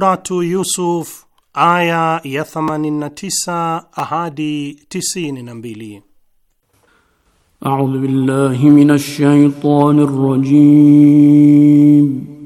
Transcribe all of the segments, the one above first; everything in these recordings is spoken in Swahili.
Suratu Yusuf aya ya 89 hadi 92. A'udhu billahi minash shaitani rrajim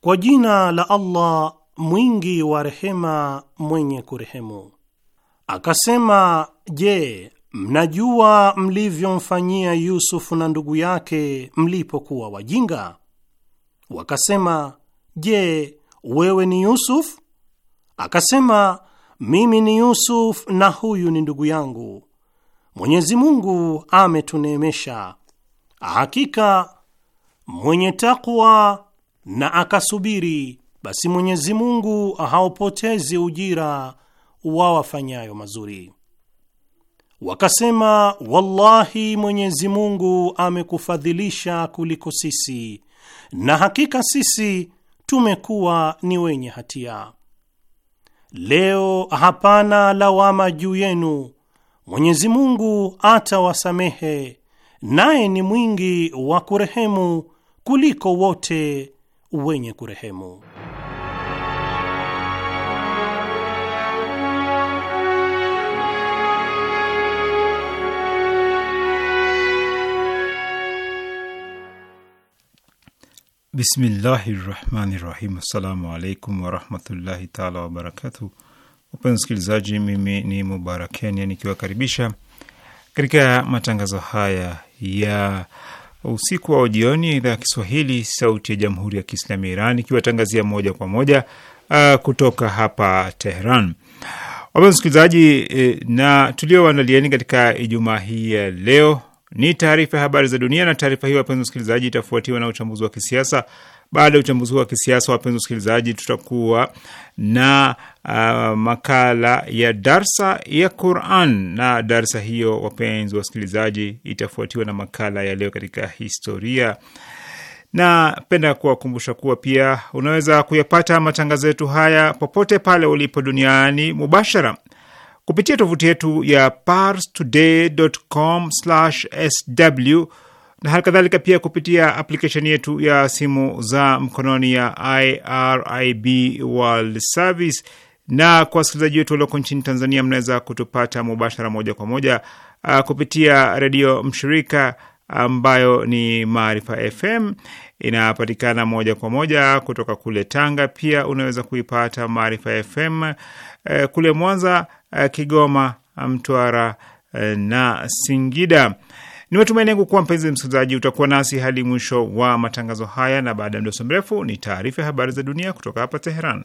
Kwa jina la Allah mwingi wa rehema mwenye kurehemu. Akasema, je, mnajua mlivyomfanyia Yusufu na ndugu yake mlipokuwa wajinga? Wakasema, Je, wewe ni Yusuf? Akasema, mimi ni Yusuf na huyu ni ndugu yangu. Mwenyezi Mungu ametuneemesha. Hakika mwenye takwa na akasubiri, basi Mwenyezi Mungu haupotezi ujira wa wafanyayo mazuri. Wakasema, wallahi, Mwenyezi Mungu amekufadhilisha kuliko sisi, na hakika sisi tumekuwa ni wenye hatia. Leo hapana lawama juu yenu, Mwenyezi Mungu atawasamehe, naye ni mwingi wa kurehemu kuliko wote wenye kurehemu. Bismillahi rahmani rahim. Assalamu alaikum warahmatullahi taala wabarakatu. Wapenzi msikilizaji, mimi ni Mubarak Kenya nikiwakaribisha katika matangazo haya ya usiku wa jioni ya idhaa ya Kiswahili sauti ya jamhuri ya Kiislami ya Iran ikiwatangazia moja kwa moja uh, kutoka hapa Tehran. Wapenzi msikilizaji, eh, na tulioandalieni katika Ijumaa hii ya leo ni taarifa ya habari za dunia, na taarifa hiyo, wapenzi wasikilizaji, itafuatiwa na uchambuzi wa kisiasa. Baada ya uchambuzi huu wa kisiasa, wapenzi wasikilizaji, tutakuwa na uh, makala ya darsa ya Quran, na darsa hiyo, wapenzi wasikilizaji, itafuatiwa na makala ya leo katika historia. Napenda kuwakumbusha kuwa pia unaweza kuyapata matangazo yetu haya popote pale ulipo duniani mubashara kupitia tovuti yetu ya parstoday.com/sw na hali kadhalika pia kupitia aplikesheni yetu ya simu za mkononi ya IRIB World Service. Na kwa wasikilizaji wetu walioko nchini Tanzania, mnaweza kutupata mubashara moja kwa moja uh, kupitia redio mshirika ambayo ni Maarifa FM, inapatikana moja kwa moja kutoka kule Tanga. Pia unaweza kuipata Maarifa FM uh, kule Mwanza Eh, Kigoma, eh, Mtwara eh, na Singida. Ni matumaini yangu kuwa mpenzi msikilizaji utakuwa nasi hadi mwisho wa matangazo haya, na baada ya mdoso mrefu ni taarifa ya habari za dunia kutoka hapa Teheran.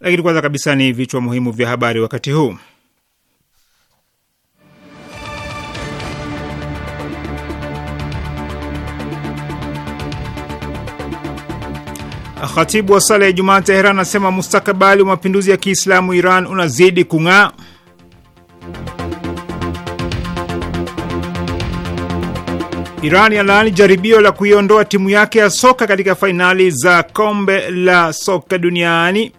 Lakini kwanza kabisa ni vichwa muhimu vya habari wakati huu. Khatibu wa sala ya jumaa Teheran anasema mustakabali wa mapinduzi ya Kiislamu Iran unazidi kung'aa. Iran yalaani jaribio la kuiondoa timu yake ya soka katika fainali za kombe la soka duniani.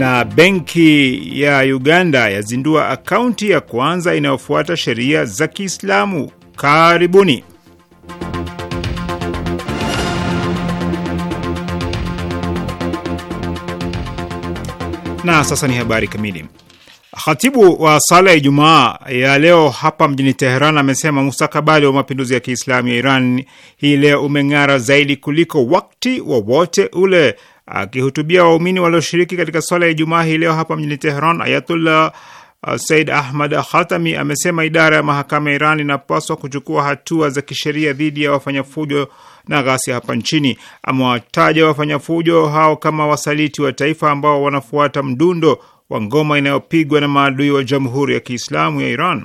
Na benki ya Uganda yazindua akaunti ya kwanza inayofuata sheria za Kiislamu. Karibuni. Na sasa ni habari kamili. Khatibu wa sala ya Ijumaa ya leo hapa mjini Teheran amesema mustakabali wa mapinduzi ya Kiislamu ya Iran hii leo umeng'ara zaidi kuliko wakati wowote wa ule Akihutubia waumini walioshiriki katika swala ya Ijumaa hii leo hapa mjini Tehran, Ayatullah uh, Said Ahmad Khatami amesema idara ya mahakama ya Iran inapaswa kuchukua hatua za kisheria dhidi ya wafanyafujo na ghasia hapa nchini. Amewataja wafanyafujo hao kama wasaliti wa taifa ambao wanafuata mdundo wa ngoma inayopigwa na maadui wa Jamhuri ya Kiislamu ya Iran.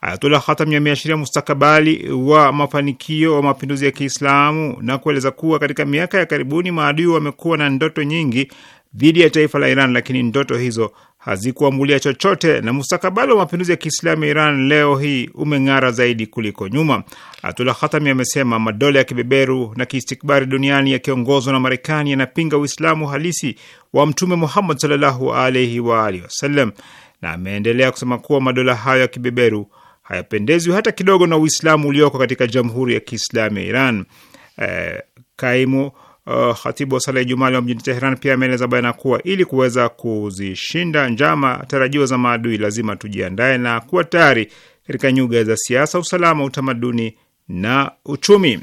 Ayatullah Khatami ameashiria mustakabali wa mafanikio wa mapinduzi ya Kiislamu na kueleza kuwa katika miaka ya karibuni maadui wamekuwa na ndoto nyingi dhidi ya taifa la Iran, lakini ndoto hizo hazikuambulia chochote na mustakabali wa mapinduzi ya Kiislamu ya Iran leo hii umeng'ara zaidi kuliko nyuma. Ayatullah Khatami amesema madola ya kibeberu na kiistikbari duniani yakiongozwa na Marekani yanapinga Uislamu halisi wa Mtume Muhammad sallallahu alaihi wa alihi wasallam, na ameendelea kusema kuwa madola hayo ya kibeberu hayapendezwi hata kidogo na Uislamu ulioko katika Jamhuri ya Kiislamu ya Iran. Eh, kaimu uh, khatibu wa sala ya Ijumaa leo mjini Teheran pia ameeleza bayana kuwa ili kuweza kuzishinda njama tarajio za maadui lazima tujiandae na kuwa tayari katika nyuga za siasa, usalama, utamaduni na uchumi.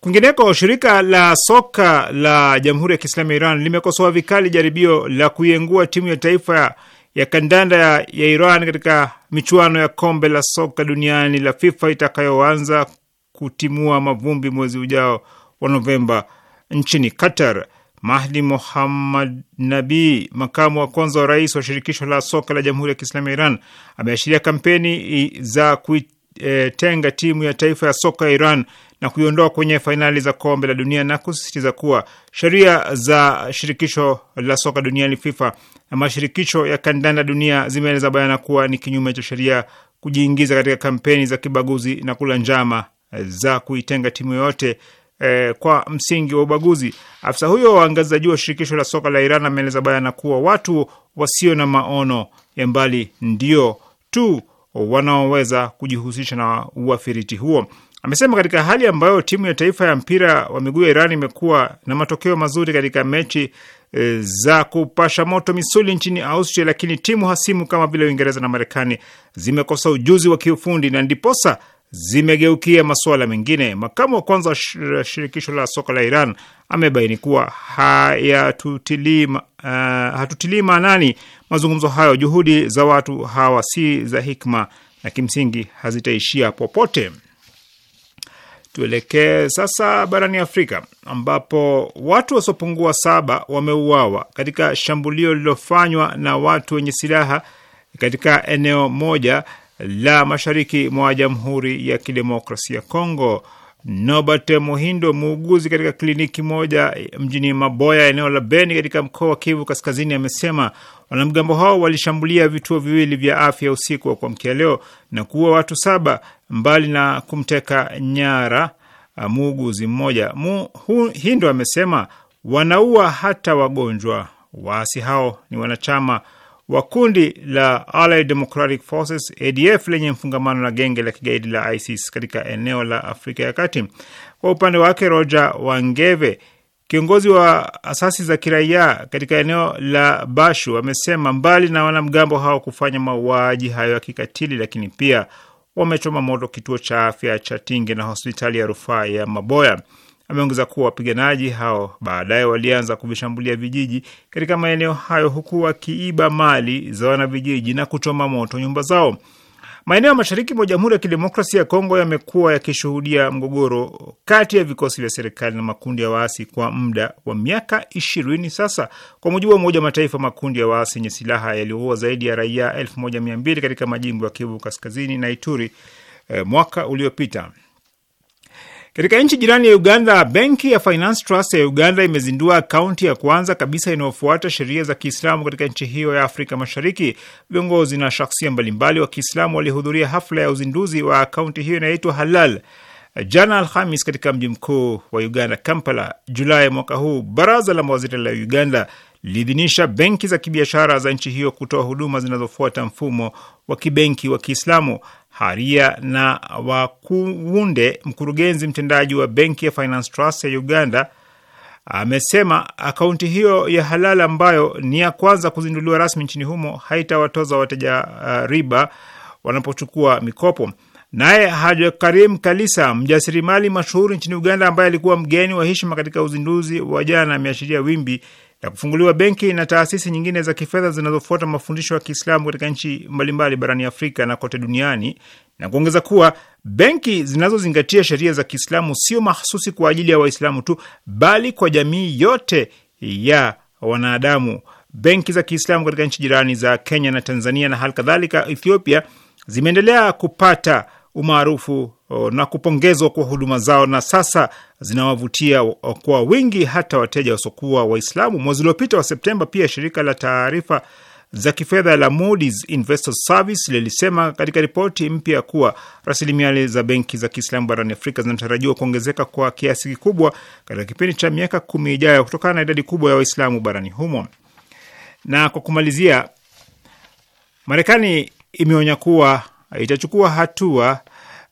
Kwingineko, shirika la soka la Jamhuri ya Kiislamu ya Iran limekosoa vikali jaribio la kuiengua timu ya taifa ya kandanda ya Iran katika michuano ya kombe la soka duniani la FIFA itakayoanza kutimua mavumbi mwezi ujao wa Novemba nchini Qatar. Mahdi Muhammad Nabi, makamu wa kwanza wa rais wa shirikisho la soka la Jamhuri ya Kiislamu ya Iran, ameashiria kampeni za kuitenga timu ya taifa ya soka ya Iran na kuiondoa kwenye fainali za kombe la dunia na kusisitiza kuwa sheria za shirikisho la soka duniani FIFA na mashirikisho ya kandanda dunia zimeeleza bayana kuwa ni kinyume cha sheria kujiingiza katika kampeni za kibaguzi na kula njama za kuitenga timu yoyote eh, kwa msingi wa ubaguzi. Afisa huyo wa ngazi za juu wa shirikisho la soka la Iran ameeleza bayana kuwa watu wasio na maono ya mbali ndio tu wanaoweza kujihusisha na uafiriti huo. Amesema katika hali ambayo timu ya taifa ya mpira wa miguu ya Iran imekuwa na matokeo mazuri katika mechi E, za kupasha moto misuli nchini Austria, lakini timu hasimu kama vile Uingereza na Marekani zimekosa ujuzi wa kiufundi na ndiposa zimegeukia masuala mengine. Makamu wa kwanza wa shirikisho la soka la Iran amebaini kuwa hayatutilii uh, hatutilii maanani mazungumzo hayo. Juhudi za watu hawa si za hikma na kimsingi hazitaishia popote. Tuelekee sasa barani Afrika ambapo watu wasiopungua saba wameuawa katika shambulio lililofanywa na watu wenye silaha katika eneo moja la mashariki mwa Jamhuri ya Kidemokrasia ya Kongo. Nobert Muhindo, muuguzi katika kliniki moja mjini Maboya, eneo la Beni katika mkoa wa Kivu Kaskazini, amesema Wanamgambo hao walishambulia vituo viwili vya afya usiku wa kuamkia leo na kuua watu saba, mbali na kumteka nyara ah, muuguzi mmoja. Hindo amesema wanaua hata wagonjwa. Waasi hao ni wanachama wa kundi la Allied Democratic Forces ADF lenye mfungamano na genge la kigaidi la ISIS katika eneo la Afrika ya Kati. Kwa upande wake, Roger Wangeve Kiongozi wa asasi za kiraia katika eneo la Bashu amesema mbali na wanamgambo hao kufanya mauaji hayo ya kikatili, lakini pia wamechoma moto kituo cha afya cha Tinge na hospitali ya rufaa ya Maboya. Ameongeza kuwa wapiganaji hao baadaye walianza kuvishambulia vijiji katika maeneo hayo huku wakiiba mali za wanavijiji na kuchoma moto nyumba zao. Maeneo ya mashariki mwa Jamhuri ya Kidemokrasia ya Kongo yamekuwa yakishuhudia mgogoro kati ya vikosi vya serikali na makundi ya waasi kwa muda wa miaka ishirini sasa. Kwa mujibu wa Umoja wa Mataifa, makundi ya waasi yenye silaha yaliyoua zaidi ya raia elfu moja mia mbili katika majimbo ya Kivu Kaskazini na Ituri eh, mwaka uliopita. Katika nchi jirani ya Uganda, benki ya Finance Trust ya Uganda imezindua akaunti ya kwanza kabisa inayofuata sheria za Kiislamu katika nchi hiyo ya Afrika Mashariki. Viongozi na shakhsia mbalimbali wa Kiislamu walihudhuria hafla ya uzinduzi wa akaunti hiyo inayoitwa Halal jana Alhamis katika mji mkuu wa Uganda, Kampala. Julai mwaka huu, baraza la mawaziri la Uganda liliidhinisha benki za kibiashara za nchi hiyo kutoa huduma zinazofuata mfumo wa kibenki wa Kiislamu. Haria na Wakuwunde, mkurugenzi mtendaji wa benki ya Finance Trust ya Uganda, amesema akaunti hiyo ya Halala ambayo ni ya kwanza kuzinduliwa rasmi nchini humo haitawatoza wateja uh, riba wanapochukua mikopo. Naye Haja Karim Kalisa, mjasirimali mashuhuri nchini Uganda, ambaye alikuwa mgeni wa heshima katika uzinduzi wa jana, ameashiria wimbi na kufunguliwa benki na taasisi nyingine za kifedha zinazofuata mafundisho ya Kiislamu katika nchi mbalimbali barani Afrika na kote duniani, na kuongeza kuwa benki zinazozingatia sheria za Kiislamu sio mahsusi kwa ajili ya Waislamu tu, bali kwa jamii yote ya wanadamu. Benki za Kiislamu katika nchi jirani za Kenya na Tanzania na hali kadhalika Ethiopia zimeendelea kupata umaarufu na kupongezwa kwa huduma zao na sasa zinawavutia kwa wingi hata wateja wasiokuwa Waislamu. Mwezi uliopita wa Septemba, pia shirika la taarifa za kifedha la Moody's Service lilisema katika ripoti mpya kuwa rasilimali za benki za Kiislamu barani Afrika zinatarajiwa kuongezeka kwa kiasi kikubwa katika kipindi cha miaka kumi ijayo kutokana na idadi kubwa ya Waislamu barani humo. Na kwa kumalizia, Marekani imeonya kuwa itachukua hatua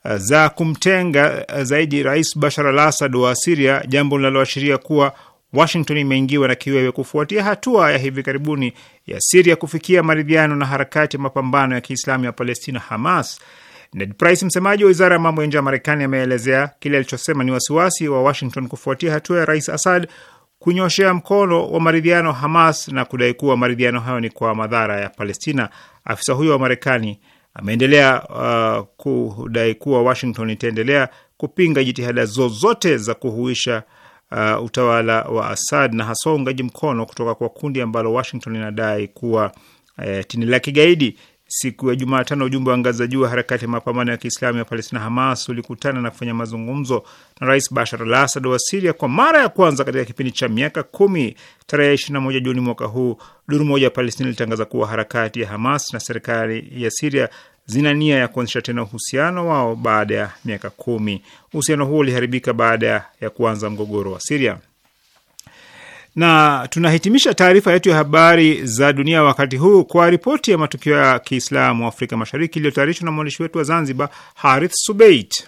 uh, za kumtenga uh, zaidi Rais Bashar al Assad wa Siria, jambo linaloashiria kuwa Washington imeingiwa na kiwewe kufuatia hatua ya hivi karibuni ya Siria kufikia maridhiano na harakati ya mapambano ya Kiislamu ya Palestina, Hamas. Ned Price, msemaji wa wizara ya mambo ya nje ya Marekani, ameelezea kile alichosema ni wasiwasi wa Washington kufuatia hatua ya Rais Assad kunyoshea mkono wa maridhiano Hamas na kudai kuwa maridhiano hayo ni kwa madhara ya Palestina. Afisa huyo wa Marekani Ameendelea uh, kudai kuwa Washington itaendelea kupinga jitihada zozote za kuhuisha uh, utawala wa Assad na haswa uungaji mkono kutoka kwa kundi ambalo Washington inadai kuwa uh, tini la kigaidi siku ya Jumatano, ujumbe wa ngazi za juu wa harakati ya mapambano ya Kiislamu ya Palestina, Hamas, ulikutana na kufanya mazungumzo na Rais Bashar al assad wa Siria kwa mara ya kwanza katika kipindi cha miaka kumi. Tarehe 21 Juni mwaka huu, duru moja ya Palestina ilitangaza kuwa harakati ya Hamas na serikali ya Siria zina nia ya kuanzisha tena uhusiano wao baada ya miaka kumi. Uhusiano huo uliharibika baada ya kuanza mgogoro wa Siria na tunahitimisha taarifa yetu ya habari za dunia wakati huu kwa ripoti ya matukio ya Kiislamu Afrika Mashariki iliyotayarishwa na mwandishi wetu wa Zanzibar, Harith Subeit.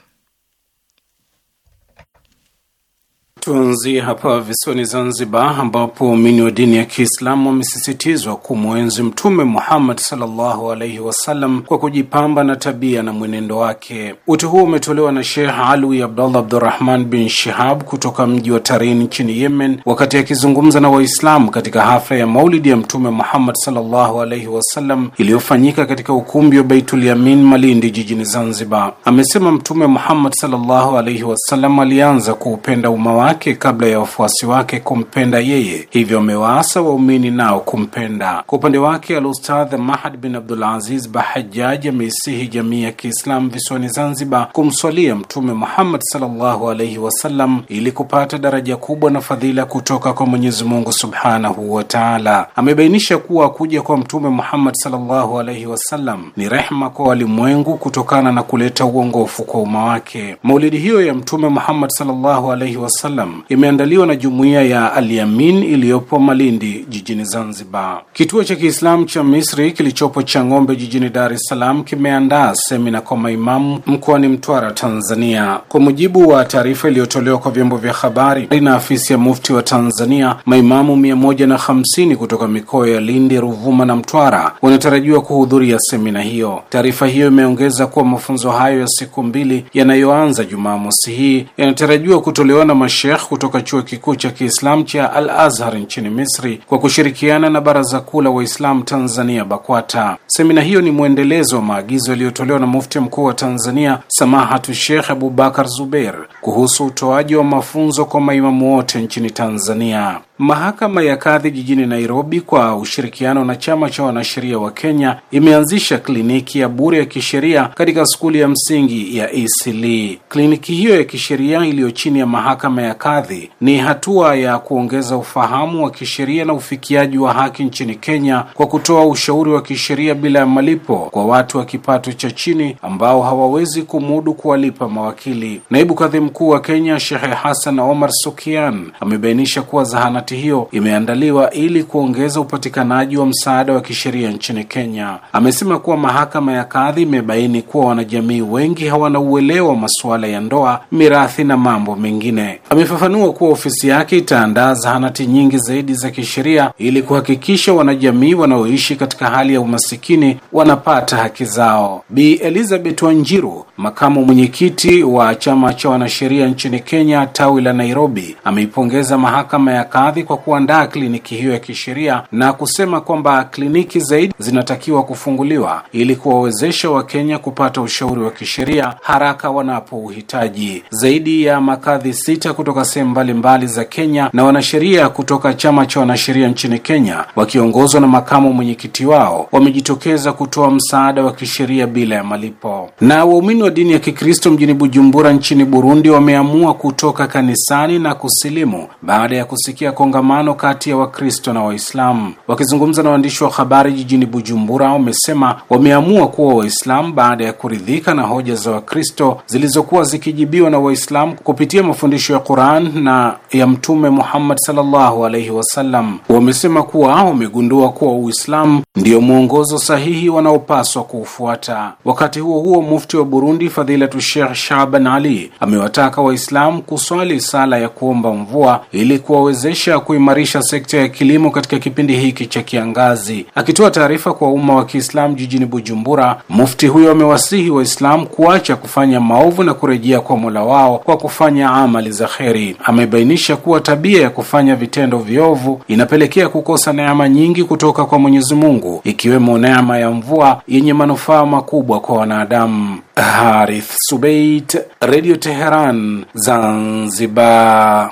Tuanzie hapa visiwani Zanzibar, ambapo waumini wa dini ya Kiislamu wamesisitizwa kumwenzi Mtume Muhammad sallallahu alaihi wasallam kwa kujipamba na tabia na mwenendo wake. Wito huo umetolewa na Sheikh Alwi Abdullah Abdurrahman bin Shihab kutoka mji wa Tarin nchini Yemen, wakati akizungumza na Waislamu katika hafla ya maulidi ya Mtume Muhammad sallallahu alaihi wasallam iliyofanyika katika ukumbi wa Baitul Yamin, Malindi, jijini Zanzibar. Amesema Mtume Muhammad sallallahu alaihi wasallam alianza kuupenda umma wake yake kabla ya wafuasi wake kumpenda yeye, hivyo amewaasa waumini nao kumpenda. Kwa upande wake, Alustadh Mahad bin Abdul Aziz Bahajaji ameisihi jamii ya Kiislamu visiwani Zanzibar kumswalia Mtume Muhammad sallallahu alaihi wasallam ili kupata daraja kubwa na fadhila kutoka kwa Mwenyezi Mungu subhanahu wataala Amebainisha kuwa kuja kwa Mtume Muhammad sallallahu alaihi wasallam ni rehma kwa walimwengu kutokana na kuleta uongofu kwa umma wake. Maulidi hiyo ya Mtume Muhammad sallallahu alaihi wasallam Salaam imeandaliwa na jumuiya ya Aliamin iliyopo Malindi jijini Zanzibar. Kituo cha Kiislamu cha Misri kilichopo Chang'ombe jijini Dar es Salaam kimeandaa semina kwa maimamu mkoani Mtwara, Tanzania. Kwa mujibu wa taarifa iliyotolewa kwa vyombo vya habari na afisi ya mufti wa Tanzania, maimamu 150 kutoka mikoa ya Lindi, Ruvuma na Mtwara wanatarajiwa kuhudhuria semina hiyo. Taarifa hiyo imeongeza kuwa mafunzo hayo ya siku mbili yanayoanza Jumamosi hii yanatarajiwa kutolewa na mashe Sheikh kutoka chuo kikuu cha Kiislamu cha Al Azhar nchini Misri kwa kushirikiana na Baraza Kuu la Waislamu Tanzania BAKWATA. Semina hiyo ni mwendelezo wa maagizo yaliyotolewa na Mufti Mkuu wa Tanzania Samahatu Sheikh Abubakar Zubeir kuhusu utoaji wa mafunzo kwa maimamu wote nchini Tanzania. Mahakama ya kadhi jijini Nairobi kwa ushirikiano na chama cha wanasheria wa Kenya imeanzisha kliniki ya bure ya kisheria katika skuli ya msingi ya Eastleigh. Kliniki hiyo ya kisheria iliyo chini ya mahakama ya kadhi ni hatua ya kuongeza ufahamu wa kisheria na ufikiaji wa haki nchini Kenya kwa kutoa ushauri wa kisheria bila ya malipo kwa watu wa kipato cha chini ambao hawawezi kumudu kuwalipa mawakili. Naibu kadhi mkuu wa Kenya Shehe Hassan Omar Sukian amebainisha kuwa zahanati kamati hiyo imeandaliwa ili kuongeza upatikanaji wa msaada wa kisheria nchini Kenya. Amesema kuwa mahakama ya kadhi imebaini kuwa wanajamii wengi hawana uelewa wa masuala ya ndoa, mirathi na mambo mengine. Amefafanua kuwa ofisi yake itaandaa zahanati nyingi zaidi za kisheria ili kuhakikisha wanajamii wanaoishi katika hali ya umasikini wanapata haki zao. Bi Elizabeth Wanjiru, makamu mwenyekiti wa chama cha wanasheria nchini Kenya tawi la Nairobi, ameipongeza mahakama ya kadhi radhi kwa kuandaa kliniki hiyo ya kisheria na kusema kwamba kliniki zaidi zinatakiwa kufunguliwa ili kuwawezesha Wakenya kupata ushauri wa kisheria haraka wanapouhitaji. Zaidi ya makadhi sita kutoka sehemu mbalimbali za Kenya na wanasheria kutoka chama cha wanasheria nchini Kenya wakiongozwa na makamu mwenyekiti wao wamejitokeza kutoa msaada wa kisheria bila ya malipo. Na waumini wa dini ya Kikristo mjini Bujumbura nchini Burundi wameamua kutoka kanisani na kusilimu baada ya kusikia kongamano kati ya Wakristo na Waislamu. Wakizungumza na waandishi wa habari jijini Bujumbura, wamesema wameamua kuwa Waislamu baada ya kuridhika na hoja za Wakristo zilizokuwa zikijibiwa na Waislamu kupitia mafundisho ya Quran na ya Mtume Muhammad sallallahu alaihi wasallam. Wamesema kuwa wamegundua kuwa Uislamu ndiyo mwongozo sahihi wanaopaswa kuufuata. Wakati huo huo, mufti wa Burundi Fadhilatu Sheikh Shaban Ali amewataka Waislamu kuswali sala ya kuomba mvua ili kuwawezesha ya kuimarisha sekta ya kilimo katika kipindi hiki cha kiangazi. Akitoa taarifa kwa umma wa Kiislamu jijini Bujumbura, mufti huyo amewasihi Waislamu kuacha kufanya maovu na kurejea kwa Mola wao kwa kufanya amali za kheri. Amebainisha kuwa tabia ya kufanya vitendo viovu inapelekea kukosa neema nyingi kutoka kwa Mwenyezi Mungu, ikiwemo neema ya mvua yenye manufaa makubwa kwa wanadamu. Harith Subait, Radio Teheran, Zanzibar.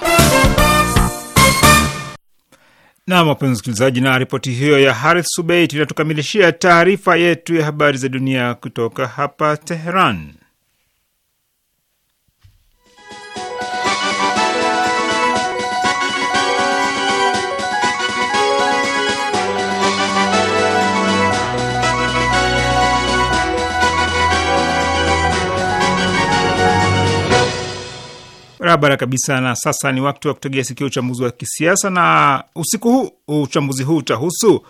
Nam, wapenzi msikilizaji, na ripoti hiyo ya Harith Subeit inatukamilishia taarifa yetu ya habari za dunia kutoka hapa Teheran. barabara kabisa. Na sasa ni wakati wa kutegea sikio uchambuzi wa kisiasa, na usiku huu uchambuzi huu utahusu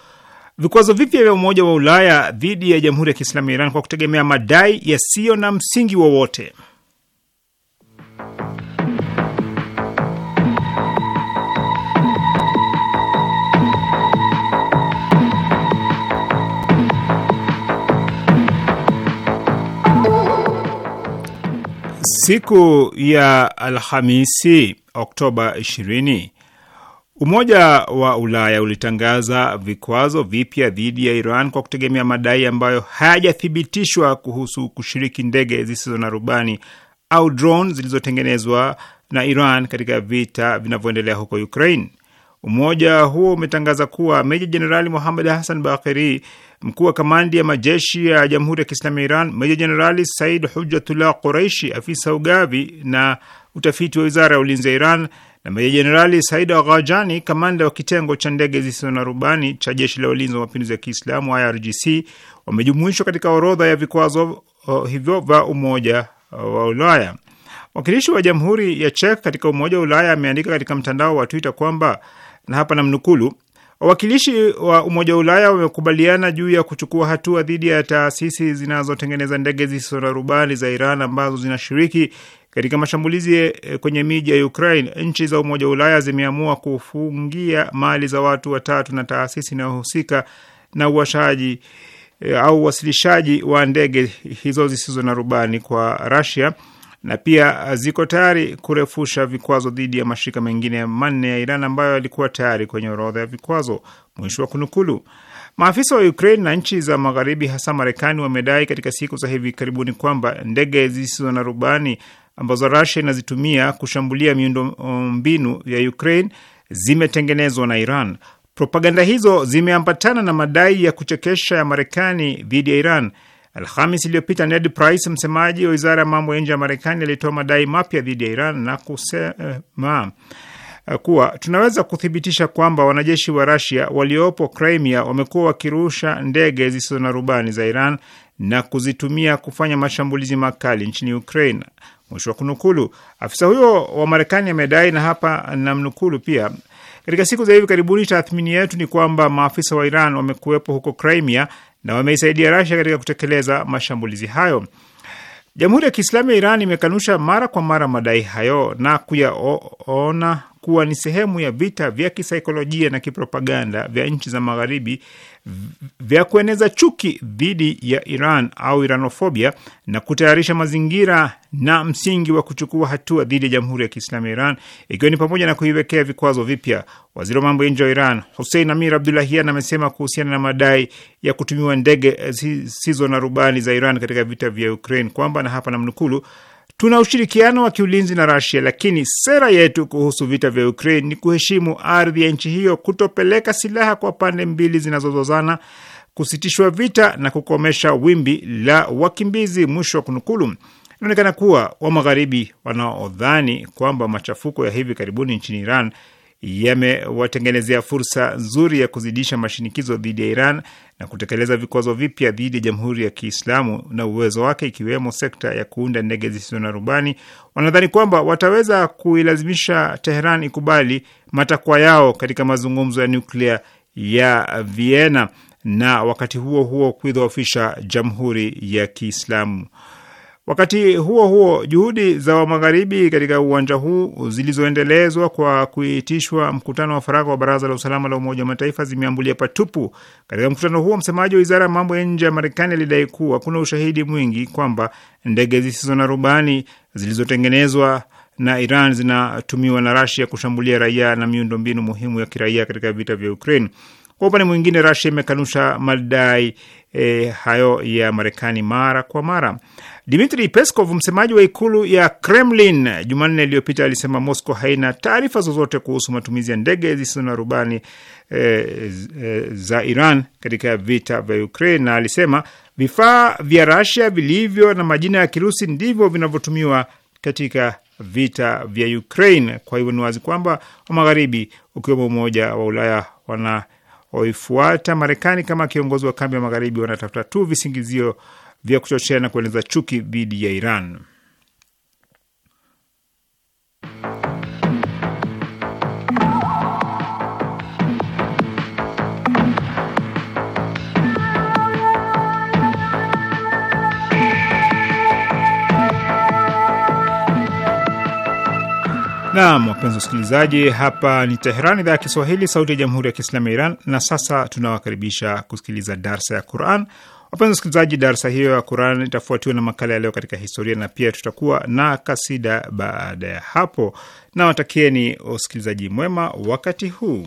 vikwazo vipya vya Umoja wa Ulaya dhidi ya Jamhuri ya Kiislamu ya Iran kwa kutegemea madai yasiyo na msingi wowote. Siku ya Alhamisi, Oktoba 20 Umoja wa Ulaya ulitangaza vikwazo vipya dhidi ya Iran kwa kutegemea madai ambayo hayajathibitishwa kuhusu kushiriki ndege zisizo na rubani au drone zilizotengenezwa na Iran katika vita vinavyoendelea huko Ukraine. Umoja huo umetangaza kuwa Meja Jenerali Mohamed Hassan Bakeri, mkuu wa kamandi ya majeshi ya Jamhuri ya Kiislamu ya Iran, Meja Jenerali Said Hujatullah Quraishi, afisa ugavi na utafiti wa Wizara ya Ulinzi ya Iran, na Meja Jenerali Said Ghajani, kamanda wa kitengo cha ndege zisizo na rubani cha Jeshi la Ulinzi wa Mapinduzi ya Kiislamu IRGC wamejumuishwa katika orodha ya vikwazo uh, hivyo vya Umoja wa Ulaya. Mwakilishi wa Jamhuri ya Czech katika Umoja wa Ulaya ameandika katika mtandao wa Twitter kwamba na hapa namnukulu, wawakilishi wa Umoja wa Ulaya wamekubaliana juu ya kuchukua hatua dhidi ya taasisi zinazotengeneza ndege zisizo na rubani za Iran ambazo zinashiriki katika mashambulizi eh, kwenye miji ya Ukraine. Nchi za Umoja wa Ulaya zimeamua kufungia mali za watu watatu na taasisi inayohusika na uwashaji eh, au uwasilishaji wa ndege hizo zisizo na rubani kwa Russia na pia uh, ziko tayari kurefusha vikwazo dhidi ya mashirika mengine manne ya Iran ambayo yalikuwa tayari kwenye orodha ya vikwazo. Mwisho wa kunukulu. Maafisa wa Ukraine na nchi za Magharibi, hasa Marekani, wamedai katika siku za hivi karibuni kwamba ndege zisizo na rubani ambazo Rusia inazitumia kushambulia miundo uh, mbinu ya Ukraine zimetengenezwa na Iran. Propaganda hizo zimeambatana na madai ya kuchekesha ya Marekani dhidi ya Iran Alhamis iliyopita Ned Price, msemaji wa wizara ya mambo ya nje ya Marekani, alitoa madai mapya dhidi ya Iran na kusema kuwa tunaweza kuthibitisha kwamba wanajeshi wa Rasia waliopo Crimea wamekuwa wakirusha ndege zisizo na rubani za Iran na kuzitumia kufanya mashambulizi makali nchini Ukraine. Mwisho wa kunukulu. Afisa huyo wa Marekani amedai, na hapa namnukulu pia, katika siku za hivi karibuni tathmini yetu ni kwamba maafisa wa Iran wamekuwepo huko Crimea na wameisaidia Rasia katika kutekeleza mashambulizi hayo. Jamhuri ya Kiislamu ya Iran imekanusha mara kwa mara madai hayo na kuyaona kuwa ni sehemu ya vita vya kisaikolojia na kipropaganda vya nchi za Magharibi vya kueneza chuki dhidi ya Iran au Iranofobia na kutayarisha mazingira na msingi wa kuchukua hatua dhidi ya Jamhuri ya Kiislamu ya Iran, ikiwa ni pamoja na kuiwekea vikwazo vipya. Waziri wa mambo ya nje wa Iran Hussein Amir Abdulahian amesema kuhusiana na madai ya kutumiwa ndege zisizo na rubani za Iran katika vita vya Ukraine kwamba na hapa namnukulu, Tuna ushirikiano wa kiulinzi na Rasia, lakini sera yetu kuhusu vita vya Ukraine ni kuheshimu ardhi ya nchi hiyo, kutopeleka silaha kwa pande mbili zinazozozana, kusitishwa vita na kukomesha wimbi la wakimbizi. Mwisho wa kunukulu. Inaonekana kuwa wa Magharibi wanaodhani kwamba machafuko ya hivi karibuni nchini Iran yamewatengenezea fursa nzuri ya kuzidisha mashinikizo dhidi ya Iran na kutekeleza vikwazo vipya dhidi ya Jamhuri ya Kiislamu na uwezo wake, ikiwemo sekta ya kuunda ndege zisizo na rubani. Wanadhani kwamba wataweza kuilazimisha Teheran ikubali matakwa yao katika mazungumzo ya nyuklia ya Vienna na wakati huo huo kuidhoofisha Jamhuri ya Kiislamu. Wakati huo huo, juhudi za wa magharibi katika uwanja huu zilizoendelezwa kwa kuitishwa mkutano wa faragha wa baraza la usalama la Umoja wa Mataifa zimeambulia patupu. Katika mkutano huo, msemaji wa wizara ya mambo ya nje ya Marekani alidai kuwa kuna ushahidi mwingi kwamba ndege zisizo na rubani zilizotengenezwa na Iran zinatumiwa na Rasia kushambulia raia na miundombinu muhimu ya kiraia katika vita vya Ukraine. Kwa upande mwingine, Rasia imekanusha madai eh, hayo ya Marekani mara kwa mara. Dmitri Peskov, msemaji wa ikulu ya Kremlin, Jumanne iliyopita alisema Moscow haina taarifa zozote kuhusu matumizi ya ndege zisizo na rubani e, e, za Iran katika vita vya Ukraine, na alisema vifaa vya Rasia vilivyo na majina ya Kirusi ndivyo vinavyotumiwa katika vita vya Ukraine. Kwa hivyo ni wazi kwamba wa Magharibi, ukiwemo Umoja wa Ulaya, wanaoifuata Marekani kama kiongozi wa kambi ya Magharibi wanatafuta tu visingizio vya kuchochea na kueneza chuki dhidi ya Iran. Nam, wapenzi wasikilizaji, hapa ni Teheran, idhaa ya Kiswahili, sauti ya jamhuri ya kiislamu ya Iran. Na sasa tunawakaribisha kusikiliza darsa ya Quran Wapenzi wasikilizaji, darsa hiyo ya Quran itafuatiwa na makala ya leo katika historia na pia tutakuwa na kasida baada ya hapo, na watakieni usikilizaji mwema wakati huu.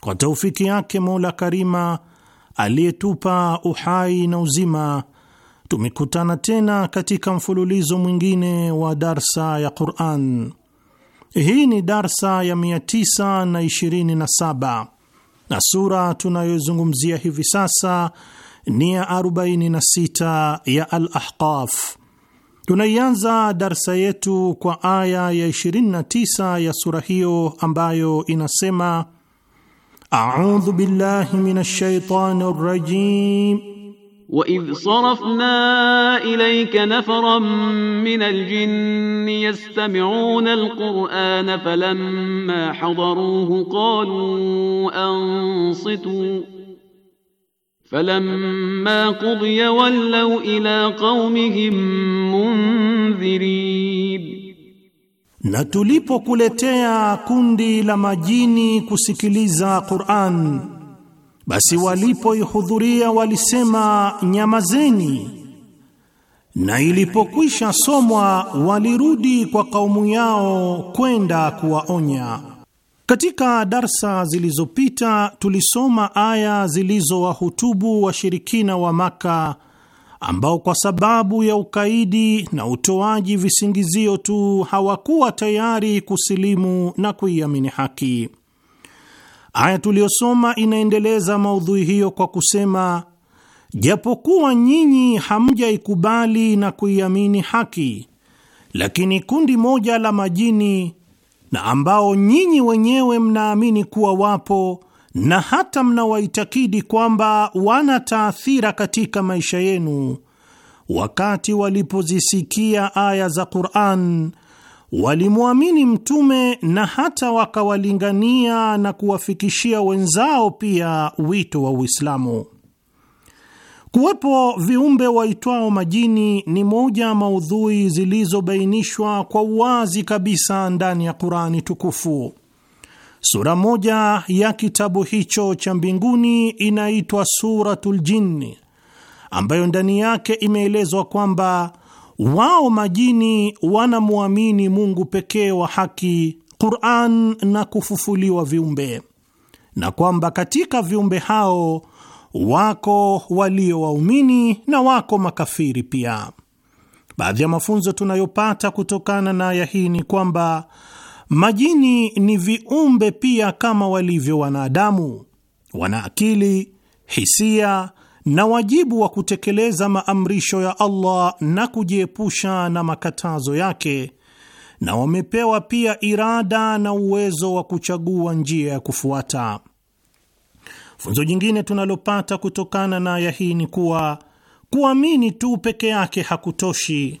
kwa taufiki yake Mola Karima aliyetupa uhai na uzima, tumekutana tena katika mfululizo mwingine wa darsa ya Quran. Hii ni darsa ya 927 na sura tunayozungumzia hivi sasa ni ya 46 ya Al-Ahqaf. Tunaianza darsa yetu kwa aya ya 29 ya sura hiyo ambayo inasema أعوذ بالله من الشيطان الرجيم وإذ صرفنا إليك نفرا من الجن يستمعون القرآن فلما حضروه قالوا أنصتوا فلما قضي ولوا إلى قومهم منذرين Na tulipokuletea kundi la majini kusikiliza Qur'an, basi walipoihudhuria walisema nyamazeni, na ilipokwisha somwa walirudi kwa kaumu yao kwenda kuwaonya. Katika darsa zilizopita tulisoma aya zilizowahutubu washirikina wa Maka ambao kwa sababu ya ukaidi na utoaji visingizio tu hawakuwa tayari kusilimu na kuiamini haki. Aya tuliyosoma inaendeleza maudhui hiyo kwa kusema, japokuwa nyinyi hamjaikubali na kuiamini haki, lakini kundi moja la majini na ambao nyinyi wenyewe mnaamini kuwa wapo na hata mnawaitakidi kwamba wana taathira katika maisha yenu, wakati walipozisikia aya za Qur'an walimwamini Mtume na hata wakawalingania na kuwafikishia wenzao pia wito wa Uislamu. Kuwepo viumbe waitwao majini ni moja ya maudhui zilizobainishwa kwa uwazi kabisa ndani ya Qur'ani tukufu. Sura moja ya kitabu hicho cha mbinguni inaitwa Suratul Jinni, ambayo ndani yake imeelezwa kwamba wao majini wanamwamini Mungu pekee wa haki, Qur'an na kufufuliwa viumbe, na kwamba katika viumbe hao wako walio waumini na wako makafiri pia. Baadhi ya mafunzo tunayopata kutokana na aya hii ni kwamba Majini ni viumbe pia kama walivyo wanadamu, wana akili, hisia na wajibu wa kutekeleza maamrisho ya Allah na kujiepusha na makatazo yake, na wamepewa pia irada na uwezo wa kuchagua njia ya kufuata. Funzo jingine tunalopata kutokana na aya hii ni kuwa kuamini tu peke yake hakutoshi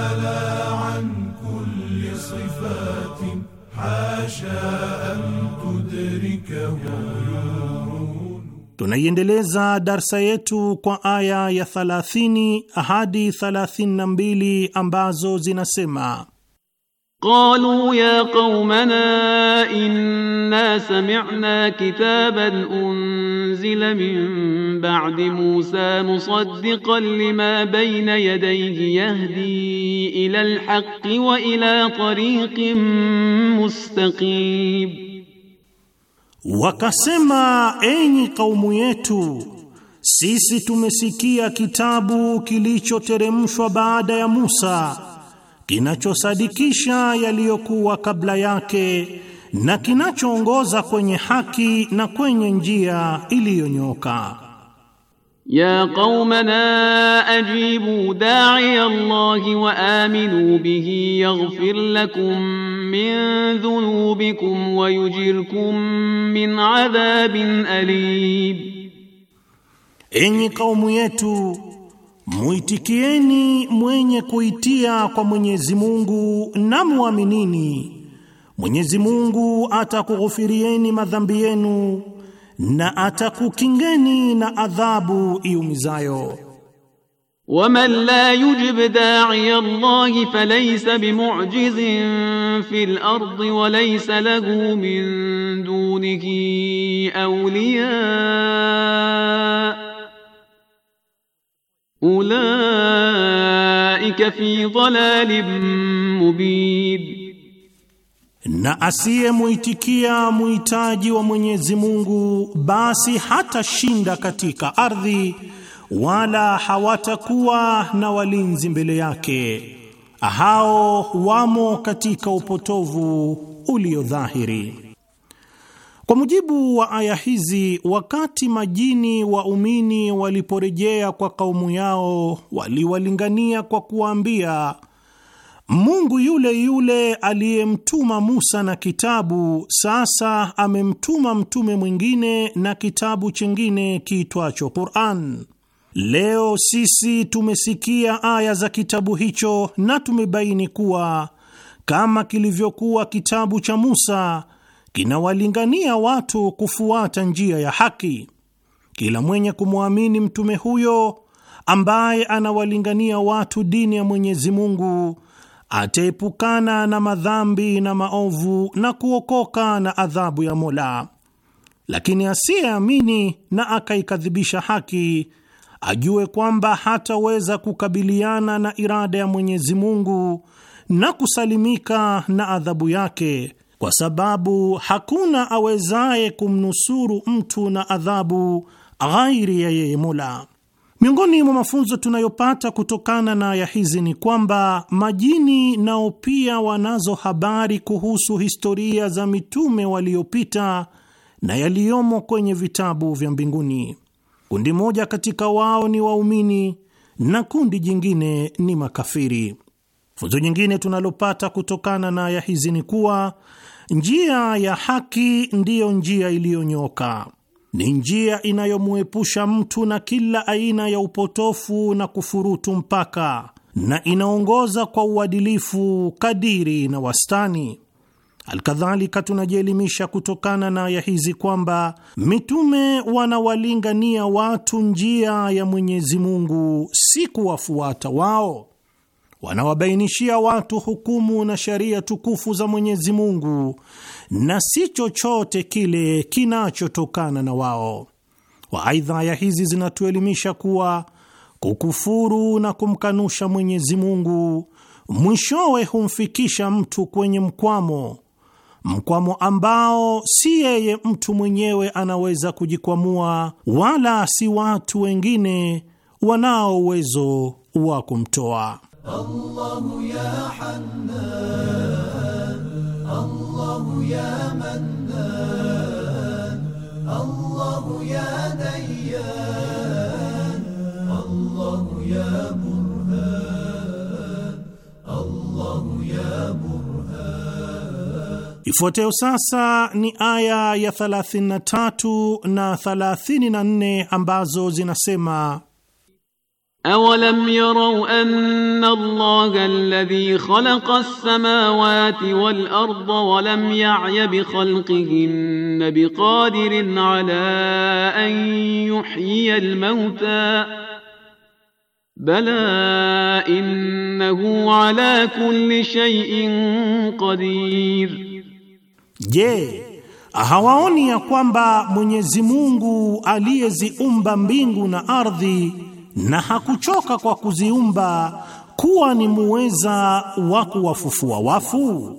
Tunaiendeleza darsa yetu kwa aya ya 30 hadi 32 ambazo zinasema قالوا يا قومنا إنا سمعنا كتابا أنزل من بعد موسى مصدقا لما بين يديه يهدي إلى الحق وإلى طريق مستقيم أين قوم يتو سيسي تمسكي كتاب kitabu ترمشو بعد يا مُوسَى kinachosadikisha yaliyokuwa kabla yake na kinachoongoza kwenye haki na kwenye njia iliyonyoka. Ya qaumana ajibu da'i Allah wa aminu bihi yaghfir lakum min dhunubikum wa yujirkum min adhabin alim, enyi kaumu yetu Muitikieni mwenye kuitia kwa Mwenyezi Mungu na muaminini. Mwenyezi Mungu atakughufirieni madhambi yenu na atakukingeni na adhabu iumizayo. man la yujib da'iya Allah falaysa bimu'jizin fil ardi wa laysa lahu min dunihi awliya Ulaika fi dhalalin mubin, na asiyemuitikia muhitaji wa Mwenyezi Mungu basi hatashinda katika ardhi wala hawatakuwa na walinzi mbele yake. Hao wamo katika upotovu uliodhahiri. Kwa mujibu wa aya hizi, wakati majini waumini waliporejea kwa kaumu yao, waliwalingania kwa kuwaambia, Mungu yule yule aliyemtuma Musa na kitabu, sasa amemtuma mtume mwingine na kitabu chingine kiitwacho Qur'an. Leo sisi tumesikia aya za kitabu hicho na tumebaini kuwa kama kilivyokuwa kitabu cha Musa kinawalingania watu kufuata njia ya haki. Kila mwenye kumwamini mtume huyo ambaye anawalingania watu dini ya Mwenyezi Mungu ataepukana na madhambi na maovu na kuokoka na adhabu ya Mola. Lakini asiyeamini na akaikadhibisha haki ajue kwamba hataweza kukabiliana na irada ya Mwenyezi Mungu na kusalimika na adhabu yake kwa sababu hakuna awezaye kumnusuru mtu na adhabu ghairi ya yeye Mola. Miongoni mwa mafunzo tunayopata kutokana na aya hizi ni kwamba majini nao pia wanazo habari kuhusu historia za mitume waliopita na yaliyomo kwenye vitabu vya mbinguni. Kundi moja katika wao ni waumini na kundi jingine ni makafiri. Funzo nyingine tunalopata kutokana na aya hizi ni kuwa Njia ya haki ndiyo njia iliyonyoka, ni njia inayomwepusha mtu na kila aina ya upotofu na kufurutu mpaka, na inaongoza kwa uadilifu kadiri na wastani. Alkadhalika, tunajielimisha kutokana na aya hizi kwamba mitume wanawalingania watu njia ya Mwenyezi Mungu, si kuwafuata wao wanawabainishia watu hukumu na sheria tukufu za Mwenyezi Mungu na si chochote kile kinachotokana na wao. Waaidha, aya hizi zinatuelimisha kuwa kukufuru na kumkanusha Mwenyezi Mungu mwishowe humfikisha mtu kwenye mkwamo, mkwamo ambao si yeye mtu mwenyewe anaweza kujikwamua, wala si watu wengine wanao uwezo wa kumtoa. الله يا حنان الله يا منان الله يا ديان الله يا برهان الله يا برهان Ifuatayo sasa ni aya ya 33 na 34 ambazo zinasema أولم يروا أن الله الذي خلق السماوات والأرض ولم يعي بخلقهن بقادر على أن يحيي الموتى بلى إنه على كل شيء قدير Je, hawaoni ya kwamba Mwenyezi Mungu aliyeziumba mbingu na ardhi na hakuchoka kwa kuziumba kuwa ni muweza wa kuwafufua wafu?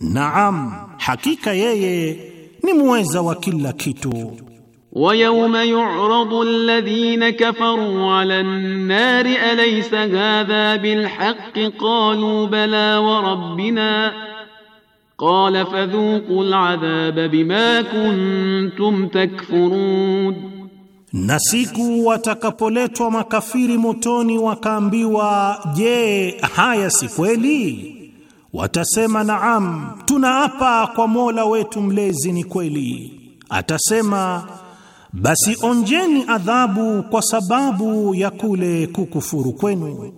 Naam, hakika yeye ni muweza wa kila kitu. Wa yawma yu'radu alladhina kafaru 'ala كفروا على النار أليس هذا qalu bala wa rabbina qala fadhuqu al'adhaba bima kuntum takfurun Na siku watakapoletwa makafiri motoni, wakaambiwa, je, haya si kweli? Watasema, naam, tunaapa kwa Mola wetu mlezi ni kweli. Atasema, basi onjeni adhabu kwa sababu ya kule kukufuru kwenu.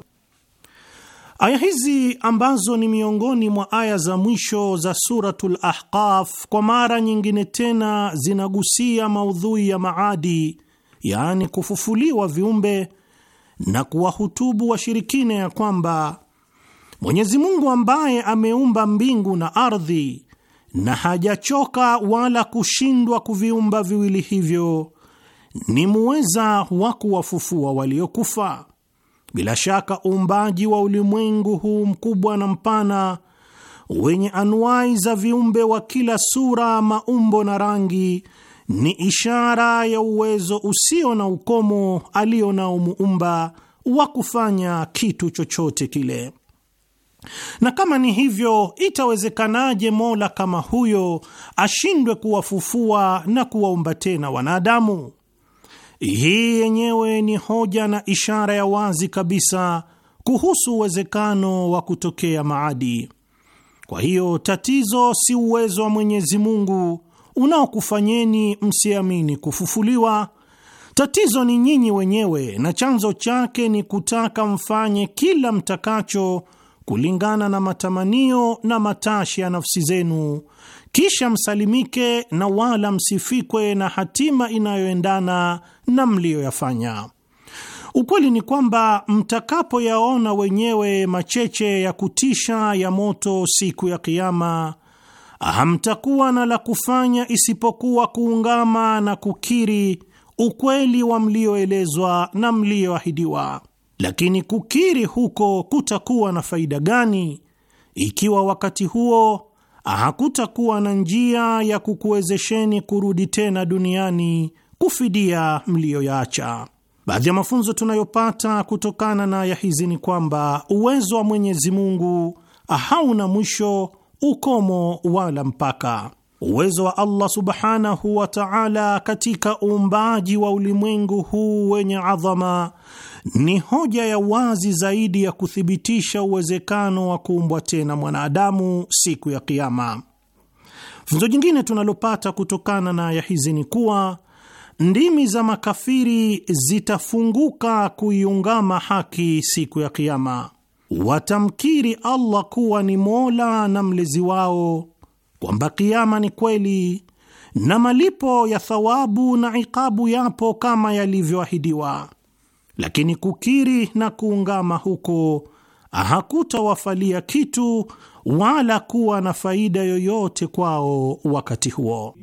Aya hizi ambazo ni miongoni mwa aya za mwisho za Suratul Ahqaf, kwa mara nyingine tena zinagusia maudhui ya maadi yaani kufufuliwa viumbe, na kuwahutubu washirikina ya kwamba Mwenyezi Mungu ambaye ameumba mbingu na ardhi na hajachoka wala kushindwa kuviumba viwili hivyo ni muweza wa kuwafufua waliokufa. Bila shaka uumbaji wa ulimwengu huu mkubwa na mpana wenye anuwai za viumbe wa kila sura, maumbo na rangi ni ishara ya uwezo usio na ukomo alio nao muumba wa kufanya kitu chochote kile. Na kama ni hivyo, itawezekanaje Mola kama huyo ashindwe kuwafufua na kuwaumba tena wanadamu? Hii yenyewe ni hoja na ishara ya wazi kabisa kuhusu uwezekano wa kutokea maadi. Kwa hiyo tatizo si uwezo wa Mwenyezi Mungu unaokufanyeni msiamini kufufuliwa. Tatizo ni nyinyi wenyewe, na chanzo chake ni kutaka mfanye kila mtakacho kulingana na matamanio na matashi ya nafsi zenu, kisha msalimike na wala msifikwe na hatima inayoendana na mliyoyafanya. Ukweli ni kwamba mtakapoyaona wenyewe macheche ya kutisha ya moto siku ya Kiama, hamtakuwa na la kufanya isipokuwa kuungama na kukiri ukweli wa mlioelezwa na mlioahidiwa. Lakini kukiri huko kutakuwa na faida gani ikiwa wakati huo hakutakuwa na njia ya kukuwezesheni kurudi tena duniani kufidia mliyoyaacha? Baadhi ya mafunzo tunayopata kutokana na aya hizi ni kwamba uwezo wa Mwenyezi Mungu hauna mwisho ukomo wala mpaka. Uwezo wa Allah subhanahu wa ta'ala katika uumbaji wa ulimwengu huu wenye adhama ni hoja ya wazi zaidi ya kuthibitisha uwezekano wa kuumbwa tena mwanadamu siku ya Kiyama. Funzo jingine tunalopata kutokana na aya hizi ni kuwa ndimi za makafiri zitafunguka kuiungama haki siku ya Kiyama watamkiri Allah kuwa ni Mola na mlezi wao, kwamba kiama ni kweli na malipo ya thawabu na ikabu yapo kama yalivyoahidiwa, lakini kukiri na kuungama huko hakutawafalia kitu wala kuwa na faida yoyote kwao wakati huo.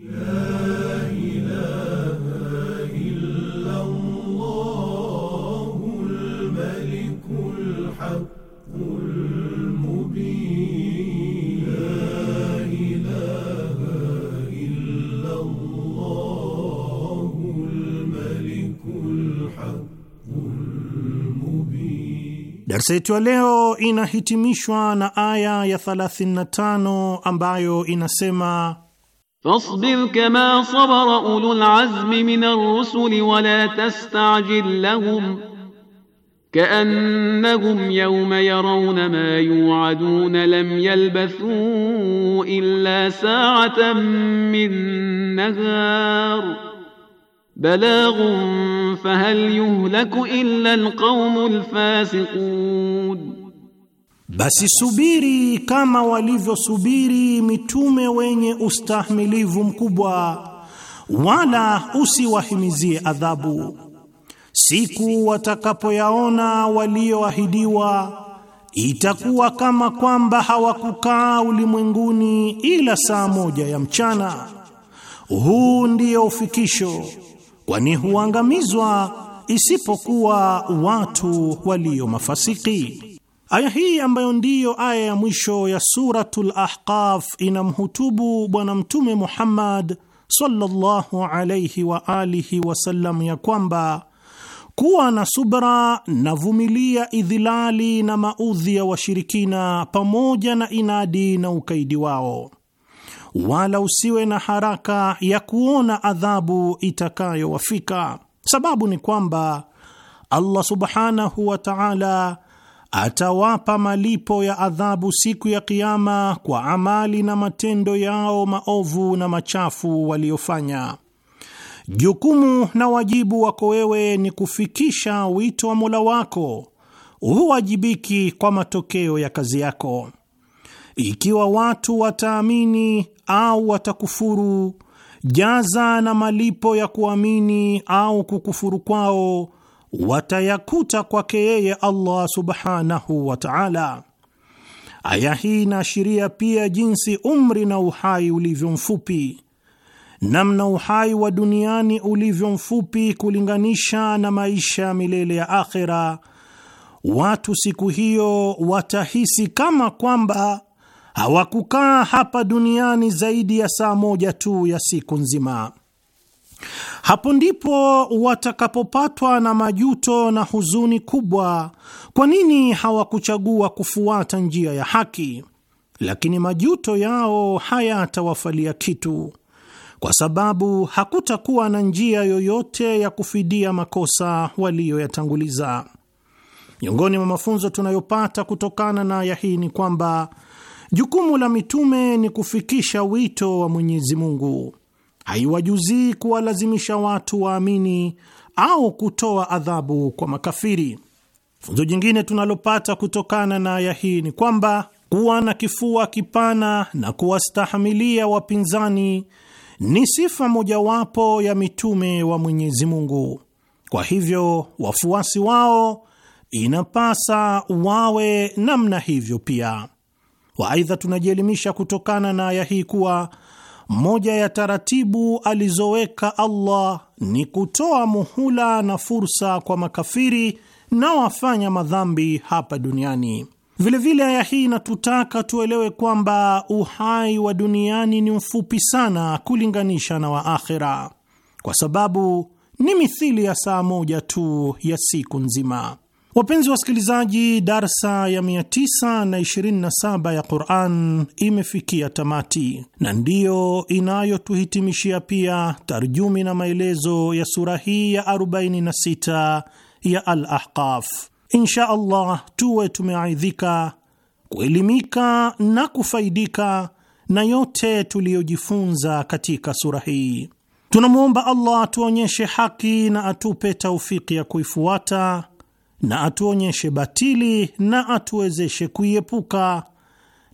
Darsa yetu ya leo inahitimishwa na aya ya 35 ambayo inasema Fasbir kama sabara ulul azmi minar rusuli wa la tastajil lahum kaannahum yawma yarawna ma yu'aduna lam yalbathu illa sa'atan min nahar balaghun fahal yuhlaku illa alqaumul fasiqun, basi subiri kama walivyosubiri mitume wenye ustahimilivu mkubwa, wala usiwahimizie adhabu. Siku watakapoyaona walioahidiwa itakuwa kama kwamba hawakukaa ulimwenguni ila saa moja ya mchana. Huu ndio ufikisho kwani huangamizwa isipokuwa watu walio mafasiki. Aya hii ambayo ndiyo aya ya mwisho ya Suratul Ahqaf inamhutubu Bwana Mtume Muhammad sallallahu alayhi wa alihi wasallam ya kwamba kuwa na subra na vumilia idhilali na maudhi ya washirikina pamoja na inadi na ukaidi wao wala usiwe na haraka ya kuona adhabu itakayowafika. Sababu ni kwamba Allah subhanahu wa ta'ala atawapa malipo ya adhabu siku ya Kiama kwa amali na matendo yao maovu na machafu waliofanya. Jukumu na wajibu wako wewe ni kufikisha wito wa Mola wako, huwajibiki kwa matokeo ya kazi yako. Ikiwa watu wataamini au watakufuru, jaza na malipo ya kuamini au kukufuru kwao watayakuta kwake yeye Allah subhanahu wa ta'ala. Aya hii inaashiria pia jinsi umri na uhai ulivyo mfupi, namna uhai wa duniani ulivyo mfupi kulinganisha na maisha ya milele ya akhera. Watu siku hiyo watahisi kama kwamba hawakukaa hapa duniani zaidi ya saa moja tu ya siku nzima. Hapo ndipo watakapopatwa na majuto na huzuni kubwa, kwa nini hawakuchagua kufuata njia ya haki. Lakini majuto yao hayatawafalia kitu, kwa sababu hakutakuwa na njia yoyote ya kufidia makosa waliyoyatanguliza. Miongoni mwa mafunzo tunayopata kutokana na aya hii ni kwamba Jukumu la mitume ni kufikisha wito wa Mwenyezi Mungu. Haiwajuzii kuwalazimisha watu waamini au kutoa adhabu kwa makafiri. Funzo jingine tunalopata kutokana na aya hii ni kwamba kuwa na kifua kipana na kuwastahamilia wapinzani ni sifa mojawapo ya mitume wa Mwenyezi Mungu. Kwa hivyo wafuasi wao inapasa wawe namna hivyo pia wa. Aidha, tunajielimisha kutokana na aya hii kuwa moja ya taratibu alizoweka Allah ni kutoa muhula na fursa kwa makafiri na wafanya madhambi hapa duniani. Vilevile aya hii inatutaka tuelewe kwamba uhai wa duniani ni mfupi sana kulinganisha na wa akhira, kwa sababu ni mithili ya saa moja tu ya siku nzima. Wapenzi wasikilizaji, darsa ya 927 ya Quran imefikia tamati na ndiyo inayotuhitimishia pia tarjumi na maelezo ya sura hii ya 46 ya Al-Ahqaf. Insha Allah tuwe tumeaidhika, kuelimika na kufaidika na yote tuliyojifunza katika sura hii. Tunamwomba Allah atuonyeshe haki na atupe taufiki ya kuifuata na atuonyeshe batili na atuwezeshe kuiepuka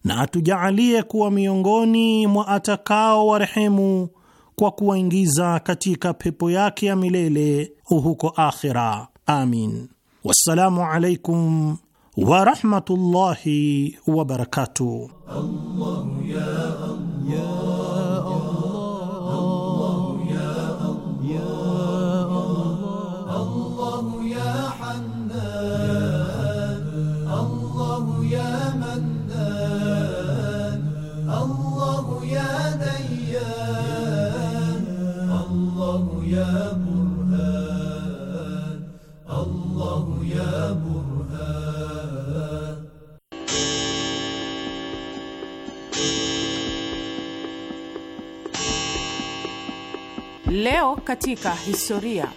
na atujaalie kuwa miongoni mwa atakao warehemu kwa kuwaingiza katika pepo yake ya milele huko akhira. Amin. Wassalamu alaikum warahmatullahi wabarakatuh. Leo katika historia.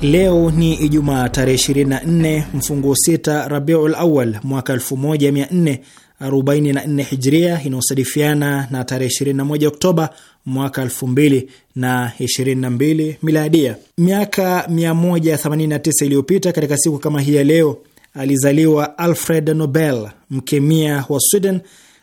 Leo ni Ijumaa tarehe 24 mfungu 6 Rabiul Awal mwaka 1444 Hijria, inayosadifiana na tarehe 21 Oktoba mwaka 2022 Miladia. Miaka 189 iliyopita katika siku kama hii ya leo alizaliwa Alfred Nobel, mkemia wa Sweden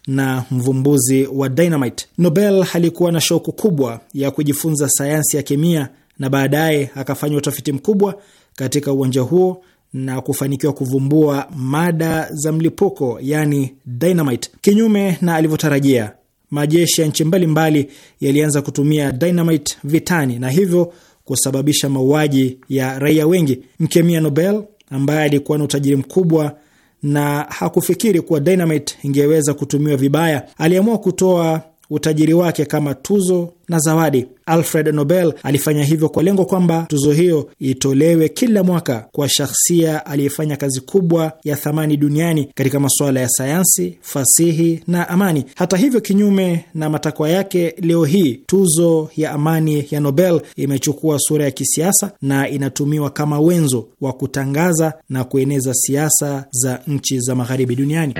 na mvumbuzi wa dynamite. Nobel alikuwa na shauku kubwa ya kujifunza sayansi ya kemia na baadaye akafanya utafiti mkubwa katika uwanja huo na kufanikiwa kuvumbua mada za mlipuko yani dynamite. Kinyume na alivyotarajia, majeshi ya nchi mbalimbali yalianza kutumia dynamite vitani na hivyo kusababisha mauaji ya raia wengi. Mkemia Nobel ambaye alikuwa na utajiri mkubwa na hakufikiri kuwa Dynamite ingeweza kutumiwa vibaya. Aliamua kutoa utajiri wake kama tuzo na zawadi. Alfred Nobel alifanya hivyo kwa lengo kwamba tuzo hiyo itolewe kila mwaka kwa shahsia aliyefanya kazi kubwa ya thamani duniani katika masuala ya sayansi, fasihi na amani. Hata hivyo, kinyume na matakwa yake, leo hii tuzo ya amani ya Nobel imechukua sura ya kisiasa na inatumiwa kama wenzo wa kutangaza na kueneza siasa za nchi za magharibi duniani.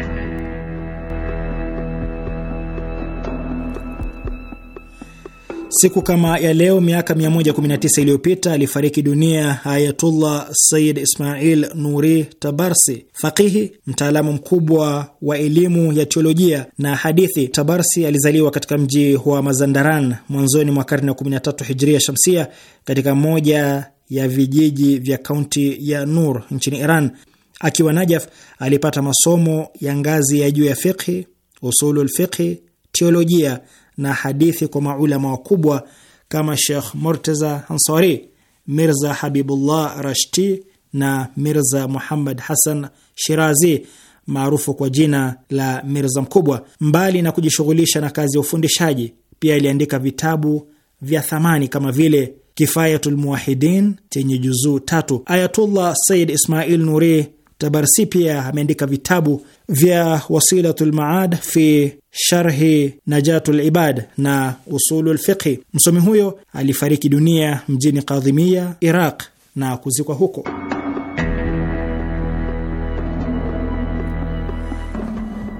Siku kama ya leo miaka 119 iliyopita alifariki dunia Ayatullah Sayyid Ismail Nuri Tabarsi, faqihi, mtaalamu mkubwa wa elimu ya teolojia na hadithi. Tabarsi alizaliwa katika mji wa Mazandaran mwanzoni mwa karne ya 13 Hijria Shamsia, katika moja ya vijiji vya kaunti ya Nur nchini Iran. Akiwa Najaf alipata masomo ya ngazi ya juu ya fiqhi, usulul fiqhi, teolojia na hadithi kwa maulama wakubwa kama Sheikh Murtaza Ansari, Mirza Habibullah Rashti na Mirza Muhammad Hassan Shirazi maarufu kwa jina la Mirza Mkubwa. Mbali na kujishughulisha na kazi ya ufundishaji, pia aliandika vitabu vya thamani kama vile Kifayatul Muwahidin chenye juzuu tatu. Ayatullah Said Ismail Nuri Tabarsi pia ameandika vitabu vya Wasilatu lmaad fi Sharhi najatu libad na usulu lfiqhi Msomi huyo alifariki dunia mjini Kadhimia, Iraq na kuzikwa huko.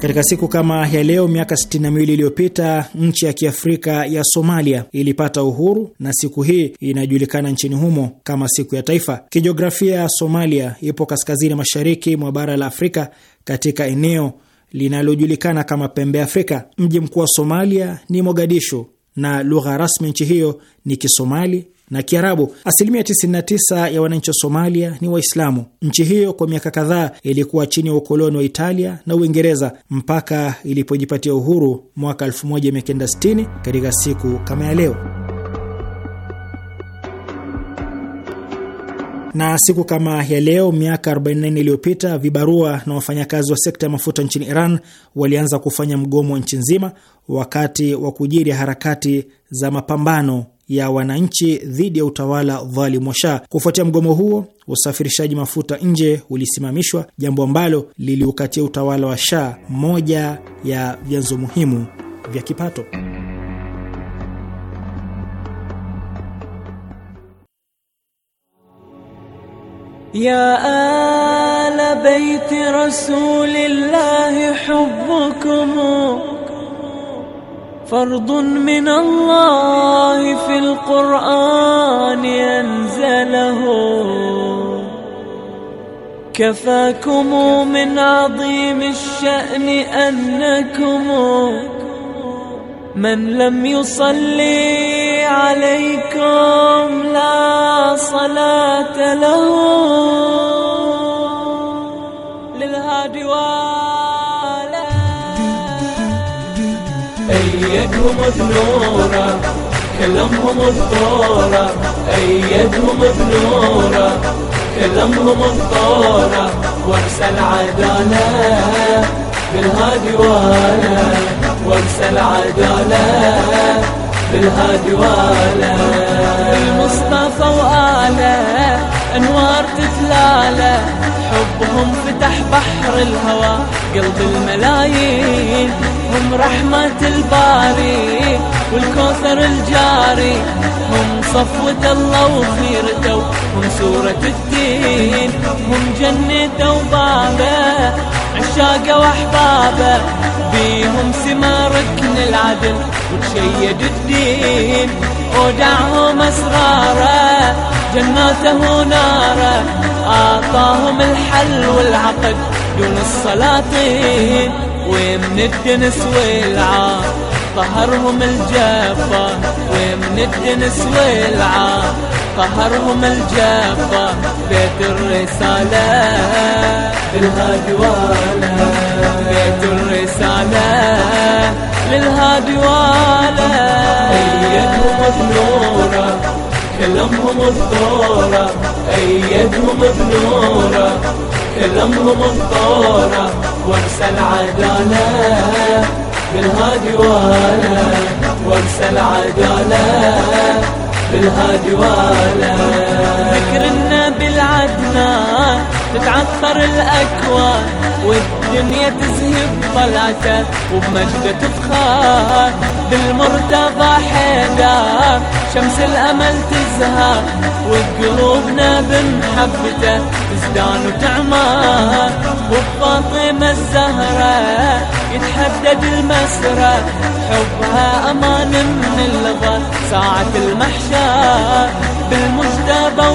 Katika siku kama ya leo miaka 62 iliyopita nchi ya kiafrika ya Somalia ilipata uhuru na siku hii inajulikana nchini humo kama siku ya taifa. Kijiografia, Somalia ipo kaskazini mashariki mwa bara la Afrika katika eneo linalojulikana kama pembe Afrika. Mji mkuu wa Somalia ni Mogadishu na lugha rasmi nchi hiyo ni Kisomali na Kiarabu. Asilimia 99 ya wananchi wa Somalia ni Waislamu. Nchi hiyo kwa miaka kadhaa ilikuwa chini ya ukoloni wa Italia na Uingereza mpaka ilipojipatia uhuru mwaka 1960 katika siku kama ya leo. na siku kama ya leo miaka 44 iliyopita vibarua na wafanyakazi wa sekta ya mafuta nchini Iran walianza kufanya mgomo wa nchi nzima wakati wa kujiri harakati za mapambano ya wananchi dhidi ya utawala dhalimu wa Shah. Kufuatia mgomo huo, usafirishaji mafuta nje ulisimamishwa, jambo ambalo liliukatia utawala wa Shah moja ya vyanzo muhimu vya kipato. Ya ala baiti rasulillahi فرض من الله في القرآن أنزله كفاكم من عظيم الشأن أنكم من لم يصلي عليكم لا صلاة له للهادي أيدهم ثنورة كلمهم الثورة أيدهم ثنورة كلمهم الثورة وارسى العدالة بالهادي وانا وارسى العدالة بالهادي وانا المصطفى وانا انوار تتلاله حبهم فتح بحر الهوى قلب الملايين هم رحمة الباري والكوثر الجاري هم صفوة الله وخيرته هم سورة الدين هم جنته وبابه عشاقه واحبابه بيهم سما ركن العدل وتشيد الدين ودعهم اسراره جناته وناره أعطاهم الحل والعقد دون السلاطين ومن الدنس والعار طهرهم الجافة ومن الدنس والعار طهرهم الجافة بيت الرسالة للهادي والا بيت الرسالة للهادي والا أيدهم بنوره كلمهم الثورة أيدهم بنورة كلمهم الثورة وانسى العدالة بالهادي والا وانسى العدالة بالهادي والا ذكر النبي العدنان تتعثر الأكوان والدنيا تزهب طلعته وبمجدة تفخار بالمرتضى حيدار شمس الأمل تزهر وقلوبنا بمحبته تزدان وتعمار وبفاطمة الزهرة يتحدد المسرى حبها أمان من اللغة ساعة المحشر بالمجتبى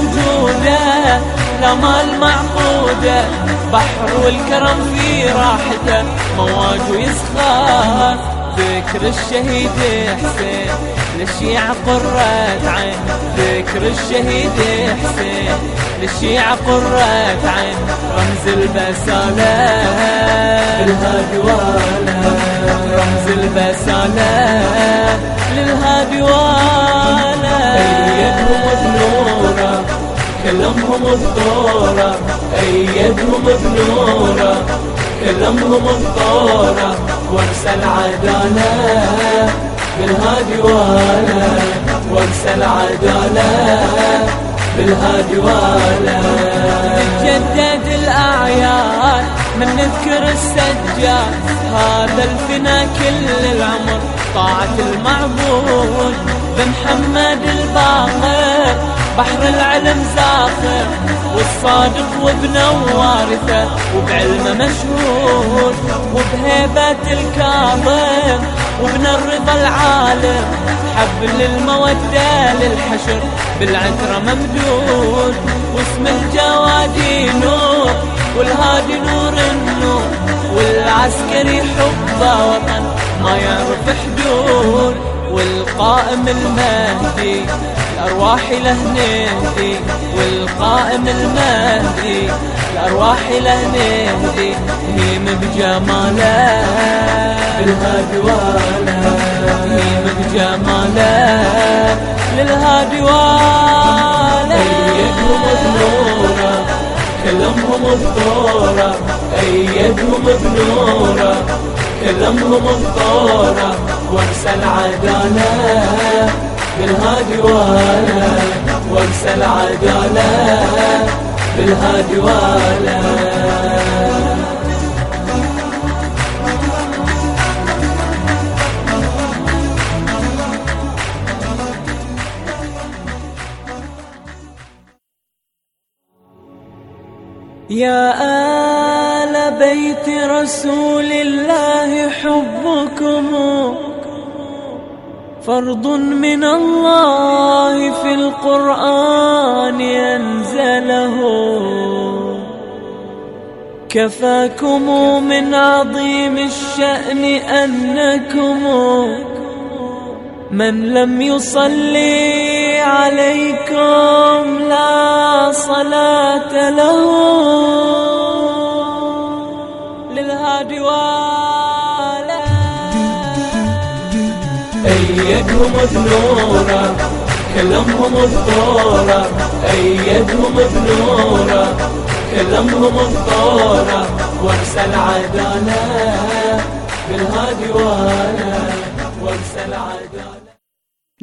وجوده الأمال معقودة بحر الكرم في راحته مواج يسخر ذكر الشهيد حسين للشيعة قرة عين ذكر الشهيد حسين للشيعة قرة عين رمز البسالة للهادي والا رمز البسالة للهادي والا يبهم نوره كلمهم الطورة أيدهم بنورة كلمهم الطورة وانسى العدالة بالهادي والا وانسى العدالة بالهادي والا تجدد الأعياد من نذكر السجاد هذا الفنا كل العمر طاعة المعبود بن محمد الباقر بحر العلم زاخر والصادق وابنه وارثه وبعلمه مشهور وبهيبة الكاظم وابن الرضا العالم حب للمودة للحشر بالعترة ممدود واسم الجوادي نور والهادي نور النور والعسكري حبه وطن ما يعرف حدود والقائم المهدي الأرواح لهنيتي والقائم المهدي الأرواح لهنيتي هيم بجماله للهادي وانا هيم بجماله للهادي وانا أيدهم بنوره كلمهم الثورة أيدهم بنوره كلمهم الثورة وانسى العدالة بالهادي وانا وانسى العدالة بالهادي وانا يا آل بيت رسول الله حبكم فرض من الله في القرآن أنزله كفاكم من عظيم الشأن أنكم من لم يصلي عليكم لا صلاة له للهادي أيدهم بنورة كلمهم بطورة أيدهم بنورة كلمهم بطورة واحسن عدالة بالهادي وانا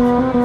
Thank you.